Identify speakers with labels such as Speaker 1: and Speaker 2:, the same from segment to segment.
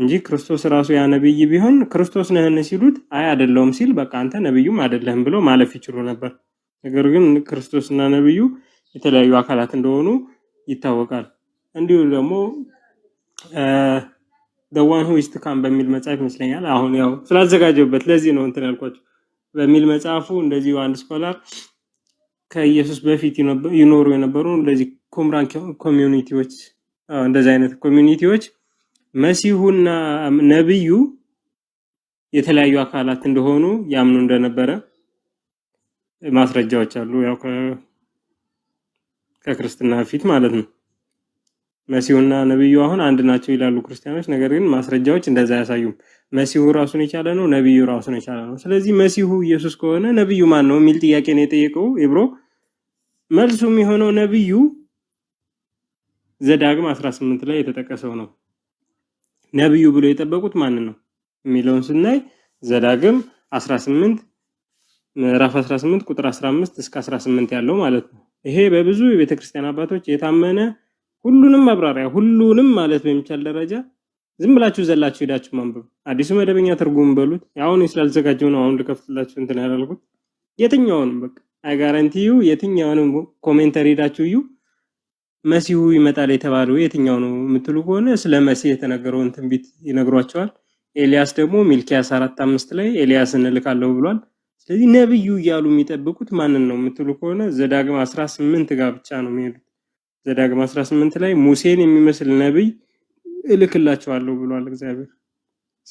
Speaker 1: እንጂ ክርስቶስ ራሱ ያ ነብይ ቢሆን ክርስቶስ ነህን ሲሉት አይ አይደለሁም ሲል በቃ አንተ ነብዩም አይደለህም ብሎ ማለፍ ይችሉ ነበር። ነገር ግን ክርስቶስና ነብዩ የተለያዩ አካላት እንደሆኑ ይታወቃል። እንዲሁ ደግሞ ደዋን ሁ ኢስትካም በሚል መጽሐፍ ይመስለኛል አሁን ያው ስላዘጋጀበት ለዚህ ነው እንትን ያልኳቸው በሚል መጽሐፉ እንደዚሁ አንድ ስኮላር ከኢየሱስ በፊት ይኖሩ የነበሩ እንደዚህ ኩምራን ኮሚኒቲዎች እንደዚህ አይነት ኮሚኒቲዎች መሲሁና ነብዩ የተለያዩ አካላት እንደሆኑ ያምኑ እንደነበረ ማስረጃዎች አሉ። ያው ከክርስትና ፊት ማለት ነው። መሲሁና ነብዩ አሁን አንድ ናቸው ይላሉ ክርስቲያኖች። ነገር ግን ማስረጃዎች እንደዛ አያሳዩም። መሲሁ ራሱን የቻለ ነው፣ ነብዩ ራሱን የቻለ ነው። ስለዚህ መሲሁ ኢየሱስ ከሆነ ነብዩ ማን ነው የሚል ጥያቄ ነው የጠየቀው ኤብሮ። መልሱም የሆነው ነብዩ ዘዳግም 18 ላይ የተጠቀሰው ነው። ነብዩ ብሎ የጠበቁት ማንን ነው የሚለውን ስናይ ዘዳግም 18 ምዕራፍ 18 ቁጥር 15 እስከ 18 ያለው ማለት ነው። ይሄ በብዙ የቤተ ክርስቲያን አባቶች የታመነ ሁሉንም ማብራሪያ ሁሉንም ማለት በሚቻል ደረጃ ዝም ብላችሁ ዘላችሁ ሄዳችሁ ማንበብ አዲሱ መደበኛ ትርጉም በሉት። አሁን ስላልዘጋጀው ነው አሁን ልከፍትላችሁ እንትን ያላልኩት። የትኛውንም በቃ አይ ጋራንቲ ዩ የትኛውንም ኮሜንተሪ ሄዳችሁ እዩ መሲሁ ይመጣል የተባለው የትኛው ነው የምትሉ ከሆነ ስለ መሲህ የተነገረውን ትንቢት ይነግሯቸዋል። ኤልያስ ደግሞ ሚልኪያስ አራት አምስት ላይ ኤልያስ እንልካለሁ ብሏል። ስለዚህ ነብዩ እያሉ የሚጠብቁት ማንን ነው የምትሉ ከሆነ ዘዳግም ስምንት ጋር ብቻ ነው የሚሄዱት። ዘዳግም ስምንት ላይ ሙሴን የሚመስል ነብይ እልክላቸዋለሁ ብሏል እግዚአብሔር።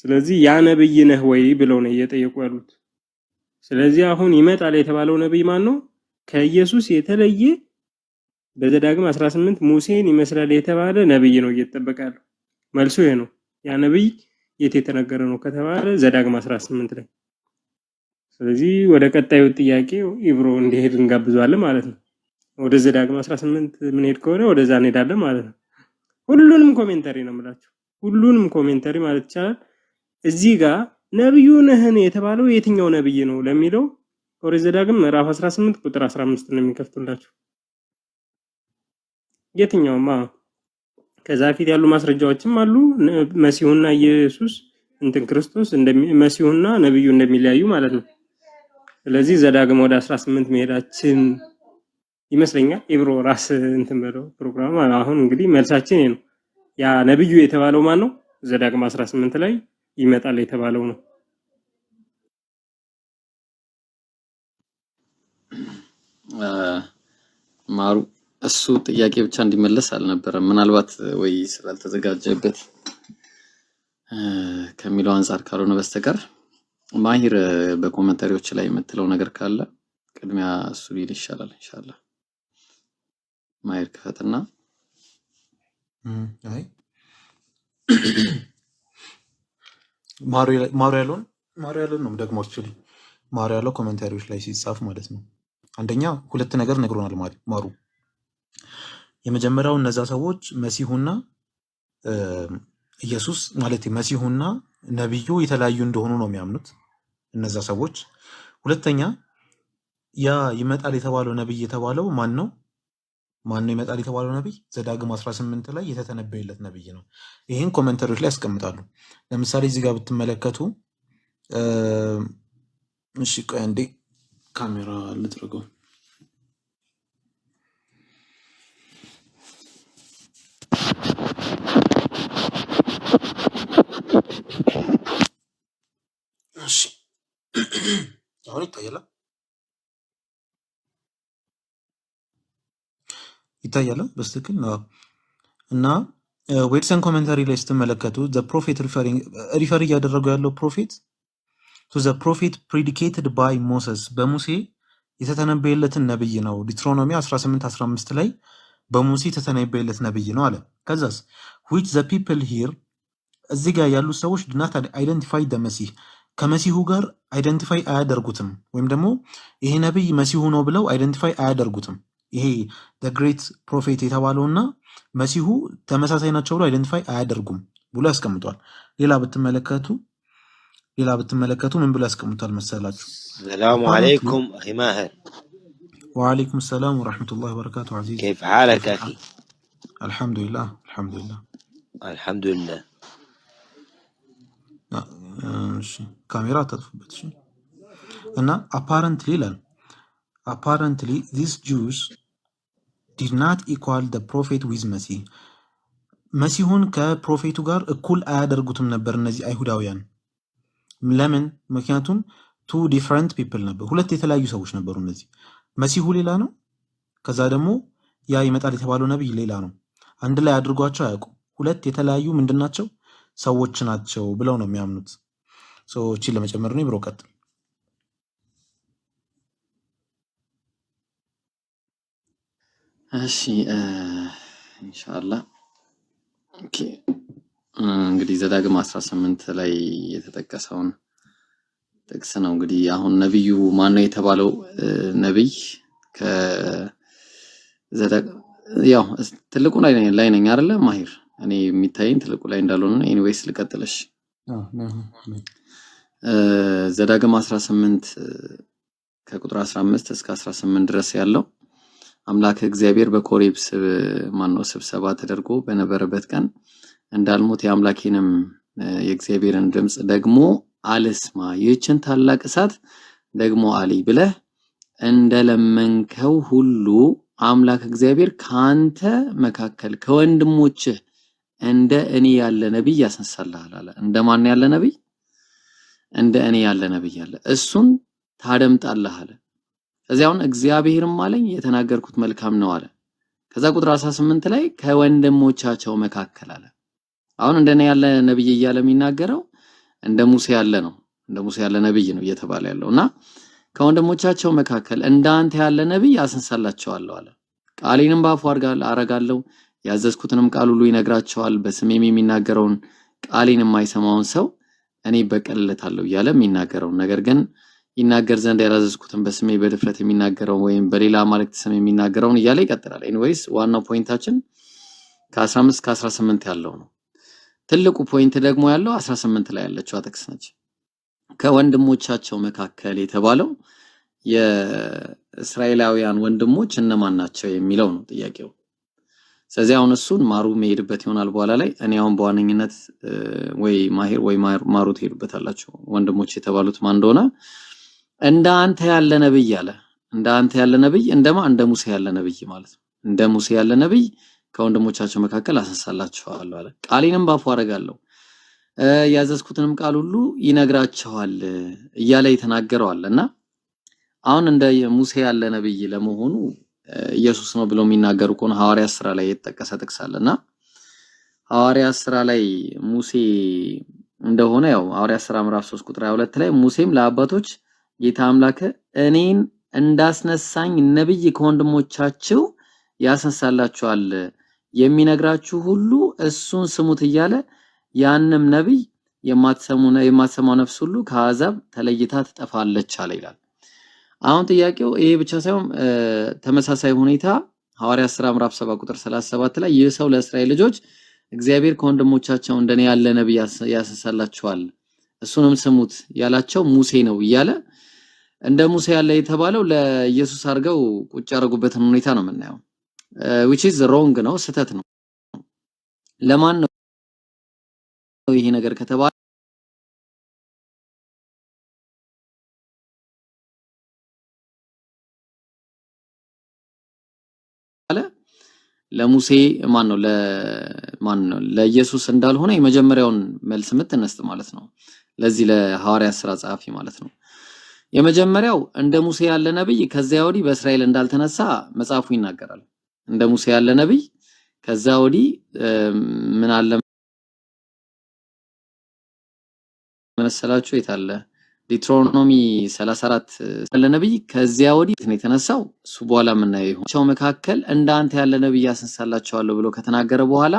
Speaker 1: ስለዚህ ያ ነብይ ነህ ወይ ብለው ነው እየጠየቁ ያሉት። ስለዚህ አሁን ይመጣል የተባለው ነብይ ማን ነው? ከኢየሱስ የተለየ በዘዳግም 18 ሙሴን ይመስላል የተባለ ነብይ ነው እየተጠበቀ መልሱ ይሄ ነው። ያ ነብይ የት የተነገረ ነው ከተባለ ዘዳግም 18 ላይ። ስለዚህ ወደ ቀጣዩ ጥያቄ ኢብሮ እንዲሄድ እንጋብዟለን ማለት ነው። ወደ ዘዳግም 18 ምንሄድ ከሆነ ወደዛ እንሄዳለን ማለት ነው። ሁሉንም ኮሜንተሪ ነው የምላችሁ፣ ሁሉንም ኮሜንተሪ ማለት ይቻላል። እዚህ ጋር ነብዩ ነህን የተባለው የትኛው ነብይ ነው ለሚለው ወደ ዘዳግም ምዕራፍ 18 ቁጥር 15 ነው የሚከፍቱላችሁ። የትኛው ከዛ ፊት ያሉ ማስረጃዎችም አሉ። መሲሁና ኢየሱስ እንትን ክርስቶስ መሲሁና ነብዩ እንደሚለያዩ ማለት ነው። ስለዚህ ዘዳግም ወደ 18 መሄዳችን ይመስለኛል። ኢብሮ ራስ እንትን በለው ፕሮግራም አሁን እንግዲህ መልሳችን ነው። ያ ነብዩ የተባለው ማን ነው? ዘዳግም 18 ላይ ይመጣል የተባለው ነው።
Speaker 2: ማሩ እሱ ጥያቄ ብቻ እንዲመለስ አልነበረም። ምናልባት ወይ ስላልተዘጋጀበት ከሚለው አንጻር ካልሆነ በስተቀር ማሂር በኮመንታሪዎች ላይ የምትለው ነገር ካለ ቅድሚያ እሱ ሊል ይሻላል። እንሻላ ማሂር ክፈትና
Speaker 1: ማሩ ያለውን ማሩ ያለውን ነው ደግሞ አክቹዋሊ ማሩ ያለው ኮመንታሪዎች ላይ ሲጻፍ ማለት ነው። አንደኛ ሁለት ነገር ነግሮናል ማሩ የመጀመሪያው እነዛ ሰዎች መሲሁና ኢየሱስ ማለት መሲሁና ነቢዩ የተለያዩ እንደሆኑ ነው የሚያምኑት እነዛ ሰዎች። ሁለተኛ ያ ይመጣል የተባለው ነቢይ የተባለው ማን ነው? ማን ነው ይመጣል የተባለው ነቢይ? ዘዳግም 18 ላይ የተተነበየለት ነቢይ ነው። ይህን ኮመንተሪዎች ላይ ያስቀምጣሉ። ለምሳሌ እዚህ ጋር ብትመለከቱ፣ እሺ ቆይ አንዴ ካሜራ ልጥርገው። እሺ አሁን ይታያል ይታያል በስትክክል እና ዌድሰን ኮሜንታሪ ላይ ስትመለከቱ ዘ ፕሮፌት ሪፈር እያደረጉ ያለው ፕሮፌት ዘ ፕሮፌት ፕሪዲኬትድ ባይ ሞሰስ በሙሴ የተተነበየለትን ነብይ ነው። ዲትሮኖሚ 1815 ላይ በሙሴ የተተነበየለት ነብይ ነው አለ። ከዛስ ዊች ዘ ፒፕል ሂር እዚህ ጋር ያሉት ሰዎች ድናት አይደንቲፋይ ደ መሲህ ከመሲሁ ጋር አይደንቲፋይ አያደርጉትም፣ ወይም ደግሞ ይሄ ነቢይ መሲሁ ነው ብለው አይደንቲፋይ አያደርጉትም። ይሄ ግሬት ፕሮፌት የተባለውና መሲሁ ተመሳሳይ ናቸው ብሎ አይደንቲፋይ አያደርጉም ብሎ ያስቀምጧል። ሌላ ብትመለከቱ ሌላ ብትመለከቱ ምን ብሎ ያስቀምጧል መሰላችሁ?
Speaker 2: ሰላሙ አለይኩም ማህር
Speaker 1: ወአለይኩም ሰላም ወረሕመቱላሂ ወበረካቱ። ዐዚዝ
Speaker 2: ከይፈ ሓለከ አኺ?
Speaker 1: አልሐምዱሊላህ አልሐምዱሊላህ
Speaker 2: አልሐምዱሊላህ
Speaker 1: እሺ ካሜራ አታጥፉበት። እሺ እና አፓረንትሊ ይላል አፓረንትሊ ዚስ ጁስ ዲድ ናት ኢኳል ደ ፕሮፌት ዊዝ መሲ መሲሁን ከፕሮፌቱ ጋር እኩል አያደርጉትም ነበር እነዚህ አይሁዳውያን። ለምን? ምክንያቱም ቱ ዲፍረንት ፒፕል ነበር፣ ሁለት የተለያዩ ሰዎች ነበሩ። እነዚህ መሲሁ ሌላ ነው፣ ከዛ ደግሞ ያ ይመጣል የተባለው ነቢይ ሌላ ነው። አንድ ላይ አድርጓቸው አያውቁም። ሁለት የተለያዩ ምንድን ናቸው ሰዎች ናቸው ብለው ነው የሚያምኑት። ሰዎችን ለመጨመር ነው። ብሮቀጥ
Speaker 2: እሺ፣ ኢንሻአላህ ኦኬ። እንግዲህ ዘዳግም 18 ላይ የተጠቀሰውን ጥቅስ ነው። እንግዲህ አሁን ነቢዩ ማን ነው የተባለው ነቢይ ያው ትልቁ ላይ ላይ ነኝ አይደለ ማሂር? እኔ የሚታየኝ ትልቁ ላይ እንዳልሆነ ኤኒዌይስ ልቀጥለሽ ዘዳግም 18 ከቁጥር 15 እስከ 18 ድረስ ያለው አምላክ እግዚአብሔር በኮሬብ ማነው ስብሰባ ተደርጎ በነበረበት ቀን እንዳልሞት የአምላኬንም የእግዚአብሔርን ድምፅ ደግሞ አልስማ፣ ይህችን ታላቅ እሳት ደግሞ አልይ ብለህ እንደለመንከው ሁሉ አምላክ እግዚአብሔር ከአንተ መካከል ከወንድሞችህ እንደ እኔ ያለ ነቢይ ያስነሳልሃል አለ። እንደማን ያለ ነቢይ? እንደ እኔ ያለ ነብይ አለ፣ እሱን ታደምጣለህ አለ። ከዚያ አሁን እግዚአብሔርም አለኝ የተናገርኩት መልካም ነው አለ። ከዛ ቁጥር 18 ላይ ከወንድሞቻቸው መካከል አለ። አሁን እኔ ያለ ነብይ እያለ የሚናገረው እንደ ሙሴ ያለ ነው፣ እንደ ሙሴ ያለ ነብይ ነው እየተባለ ያለው እና ከወንድሞቻቸው መካከል እንዳንተ ያለ ነብይ አስነሳላቸዋለሁ አለ። ቃሌንም ባፉ አረጋለሁ፣ ያዘዝኩትንም ቃል ሁሉ ይነግራቸዋል። በስሜም የሚናገረውን ቃሌን የማይሰማውን ሰው እኔ በቀልለታለሁ እያለ የሚናገረውን ነገር ግን ይናገር ዘንድ ያላዘዝኩትን በስሜ በድፍረት የሚናገረውን ወይም በሌላ አማልክት ስም የሚናገረውን እያለ ይቀጥላል። ኤኒዌይስ ዋናው ፖይንታችን ከ15 ከ 18 ያለው ነው። ትልቁ ፖይንት ደግሞ ያለው 18 ላይ ያለችው ጥቅስ ነች። ከወንድሞቻቸው መካከል የተባለው የእስራኤላውያን ወንድሞች እነማን ናቸው የሚለው ነው ጥያቄው። ስለዚህ አሁን እሱን ማሩ መሄድበት ይሆናል በኋላ ላይ። እኔ አሁን በዋነኝነት ወይ ማሄር ወይ ማሩ አላቸው። ወንድሞች የተባሉት ማን እንደሆነ እንደ አንተ ያለ ነብይ አለ። እንደ አንተ ያለ ነብይ እንደማ እንደ ሙሴ ያለ ነብይ ማለት ነው። እንደ ሙሴ ያለ ነብይ ከወንድሞቻቸው መካከል አስነሳላችኋለሁ አለ። ቃሌንም ባፉ አደርጋለሁ ያዘዝኩትንም ቃል ሁሉ ይነግራቸዋል እያለ የተናገረዋል እና አሁን እንደ ሙሴ ያለ ነብይ ለመሆኑ ኢየሱስ ነው ብለው የሚናገሩ ከሆነ ሐዋርያ ስራ ላይ የተጠቀሰ ጥቅስ አለና ሐዋርያት ስራ ላይ ሙሴ እንደሆነ ያው ሐዋርያ ስራ ምዕራፍ 3 ቁጥር 22 ላይ ሙሴም ለአባቶች ጌታ አምላክ እኔን እንዳስነሳኝ ነብይ ከወንድሞቻችሁ ያስነሳላችኋል የሚነግራችሁ ሁሉ እሱን ስሙት እያለ ያንም ነብይ የማትሰሙ የማትሰማው ነፍስ ሁሉ ከአዛብ ተለይታ ትጠፋለች አለ ይላል። አሁን ጥያቄው ይሄ ብቻ ሳይሆን ተመሳሳይ ሁኔታ ሐዋርያት ሥራ ምዕራፍ 7 ቁጥር 37 ላይ ይህ ሰው ለእስራኤል ልጆች እግዚአብሔር ከወንድሞቻቸው እንደኔ ያለ ነብይ ያሰሳላቸዋል እሱንም ስሙት ያላቸው ሙሴ ነው እያለ እንደ ሙሴ ያለ የተባለው ለኢየሱስ አድርገው ቁጭ ያደረጉበትን ሁኔታ ነው የምናየው። which is wrong ነው፣ ስህተት ነው። ለማን ነው ይሄ ነገር ከተባለ ለሙሴ ማን ነው ለማን ነው ለኢየሱስ እንዳልሆነ የመጀመሪያውን መልስ የምትነስት ማለት ነው። ለዚህ ለሐዋርያ ስራ ጸሐፊ ማለት ነው። የመጀመሪያው እንደ ሙሴ ያለ ነብይ ከዚያ ወዲህ በእስራኤል እንዳልተነሳ መጽሐፉ ይናገራል። እንደ ሙሴ ያለ ነብይ ከዛ ወዲህ ምን አለ መሰላችሁ የታለ ዲትሮኖሚ 34 ያለ ነቢይ ከዚያ ወዲህ ነው የተነሳው። እሱ በኋላ የምናየው ይሆን መካከል እንደ አንተ ያለ ነቢይ አስነሳላቸዋለሁ ብሎ ከተናገረ በኋላ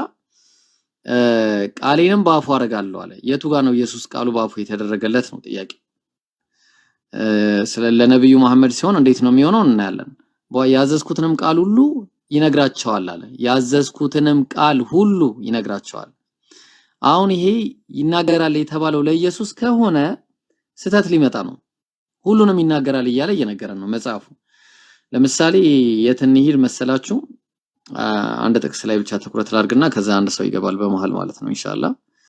Speaker 2: ቃሌንም በአፉ አደርጋለሁ አለ። የቱ ጋር ነው ኢየሱስ ቃሉ በአፉ የተደረገለት ነው ጥያቄ። ስለ ለነብዩ መሐመድ ሲሆን እንዴት ነው የሚሆነው እናያለን። ያዘዝኩትንም ቃል ሁሉ ይነግራቸዋል አለ። ያዘዝኩትንም ቃል ሁሉ ይነግራቸዋል። አሁን ይሄ ይናገራል የተባለው ለኢየሱስ ከሆነ ስህተት ሊመጣ ነው። ሁሉንም ይናገራል እያለ እየነገረን ነው መጽሐፉ። ለምሳሌ የት እንሂድ መሰላችሁ? አንድ ጥቅስ ላይ ብቻ ትኩረት ላድርግና ከዛ አንድ ሰው ይገባል በመሃል ማለት ነው ኢንሻአላህ